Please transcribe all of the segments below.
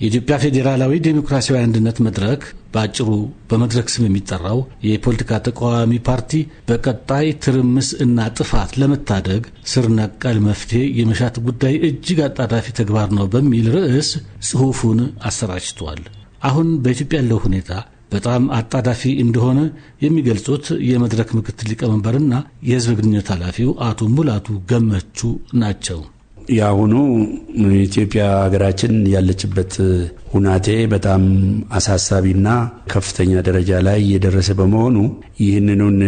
የኢትዮጵያ ፌዴራላዊ ዴሞክራሲያዊ አንድነት መድረክ በአጭሩ በመድረክ ስም የሚጠራው የፖለቲካ ተቃዋሚ ፓርቲ በቀጣይ ትርምስ እና ጥፋት ለመታደግ ስር ነቀል መፍትሄ የመሻት ጉዳይ እጅግ አጣዳፊ ተግባር ነው በሚል ርዕስ ጽሑፉን አሰራጭቷል። አሁን በኢትዮጵያ ያለው ሁኔታ በጣም አጣዳፊ እንደሆነ የሚገልጹት የመድረክ ምክትል ሊቀመንበርና የሕዝብ ግንኙነት ኃላፊው አቶ ሙላቱ ገመቹ ናቸው። የአሁኑ ኢትዮጵያ ሀገራችን ያለችበት ሁናቴ በጣም አሳሳቢና ከፍተኛ ደረጃ ላይ የደረሰ በመሆኑ ይህንኑን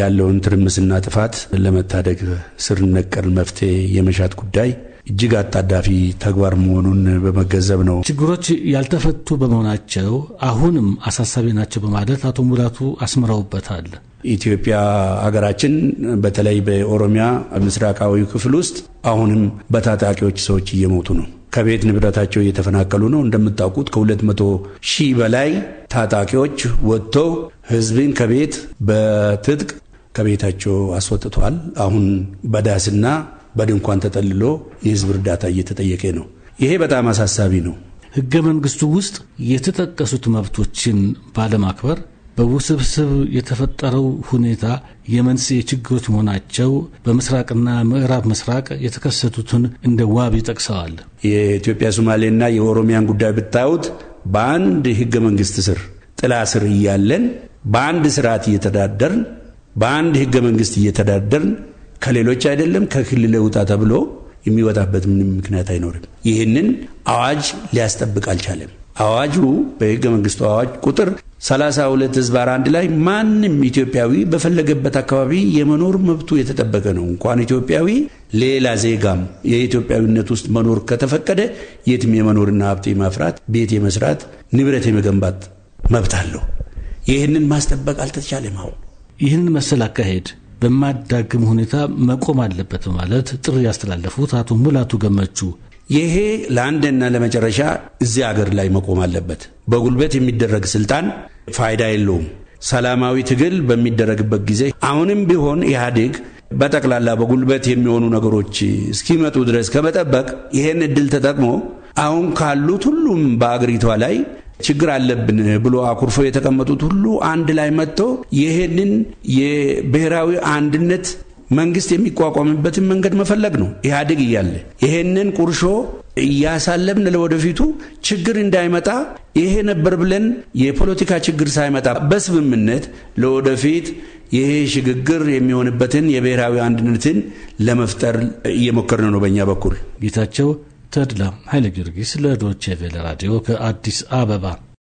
ያለውን ትርምስና ጥፋት ለመታደግ ስር ነቀል መፍትሄ የመሻት ጉዳይ እጅግ አጣዳፊ ተግባር መሆኑን በመገንዘብ ነው። ችግሮች ያልተፈቱ በመሆናቸው አሁንም አሳሳቢ ናቸው በማለት አቶ ሙላቱ አስምረውበታል። ኢትዮጵያ ሀገራችን በተለይ በኦሮሚያ ምስራቃዊ ክፍል ውስጥ አሁንም በታጣቂዎች ሰዎች እየሞቱ ነው። ከቤት ንብረታቸው እየተፈናቀሉ ነው። እንደምታውቁት ከ200 ሺህ በላይ ታጣቂዎች ወጥቶ ህዝብን ከቤት በትጥቅ ከቤታቸው አስወጥቷል። አሁን በዳስና በድንኳን ተጠልሎ የህዝብ እርዳታ እየተጠየቀ ነው። ይሄ በጣም አሳሳቢ ነው። ህገ መንግስቱ ውስጥ የተጠቀሱት መብቶችን ባለማክበር በውስብስብ የተፈጠረው ሁኔታ የመንስኤ ችግሮች መሆናቸው በምስራቅና ምዕራብ ምስራቅ የተከሰቱትን እንደ ዋብ ይጠቅሰዋል። የኢትዮጵያ ሶማሌና የኦሮሚያን ጉዳይ ብታዩት በአንድ ህገ መንግስት ስር ጥላ ስር እያለን በአንድ ስርዓት እየተዳደርን በአንድ ህገ መንግስት እየተዳደርን ከሌሎች አይደለም ከክልል ውጣ ተብሎ የሚወጣበት ምንም ምክንያት አይኖርም። ይህንን አዋጅ ሊያስጠብቅ አልቻለም። አዋጁ በህገ መንግስቱ አዋጅ ቁጥር 32 ህዝባር አንድ ላይ ማንም ኢትዮጵያዊ በፈለገበት አካባቢ የመኖር መብቱ የተጠበቀ ነው። እንኳን ኢትዮጵያዊ ሌላ ዜጋም የኢትዮጵያዊነት ውስጥ መኖር ከተፈቀደ የትም የመኖርና ሀብት የማፍራት ቤት የመስራት ንብረት የመገንባት መብት አለው። ይህንን ማስጠበቅ አልተቻለም። አሁን ይህንን መሰል አካሄድ በማዳግም ሁኔታ መቆም አለበት ማለት ጥሪ ያስተላለፉት አቶ ሙላቱ ገመቹ ይሄ ለአንድና ለመጨረሻ እዚህ አገር ላይ መቆም አለበት። በጉልበት የሚደረግ ስልጣን ፋይዳ የለውም። ሰላማዊ ትግል በሚደረግበት ጊዜ አሁንም ቢሆን ኢህአዴግ በጠቅላላ በጉልበት የሚሆኑ ነገሮች እስኪመጡ ድረስ ከመጠበቅ ይሄን እድል ተጠቅሞ አሁን ካሉት ሁሉም በአገሪቷ ላይ ችግር አለብን ብሎ አኩርፎ የተቀመጡት ሁሉ አንድ ላይ መጥተው ይህንን የብሔራዊ አንድነት መንግስት የሚቋቋምበትን መንገድ መፈለግ ነው። ኢህአዴግ እያለ ይሄንን ቁርሾ እያሳለብን ለወደፊቱ ችግር እንዳይመጣ ይሄ ነበር ብለን የፖለቲካ ችግር ሳይመጣ በስምምነት ለወደፊት ይሄ ሽግግር የሚሆንበትን የብሔራዊ አንድነትን ለመፍጠር እየሞከርን ነው። በእኛ በኩል ጌታቸው ተድላ ኃይለ ጊዮርጊስ ለዶቼቬለ ራዲዮ ከአዲስ አበባ